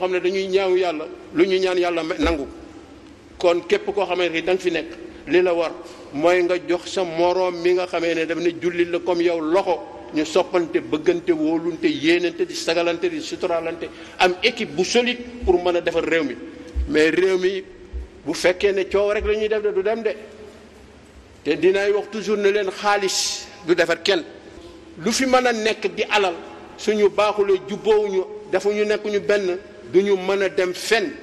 xam ne dañuy ñaaw yàlla lu ñu ñaan yàlla nangu kon képp koo xamante ni da nga fi nekk li la war mooy nga jox sa moroom mi nga xamee ne daf ne jullit la comme yow loxo ñu soppante bëggante wóolunte yéenante di sagalante di suturalante am équipe bu solide pour mën a defar réew mi mais réew mi bu fekkee ne coow rek lañuy ñuy def de du dem de te dinay wax toujours ne leen xaalis du defar kenn lu fi mën a nekk di alal suñu baaxulee jubboowuñu dafa ñu nekk ñu benn duñu mën a dem fenn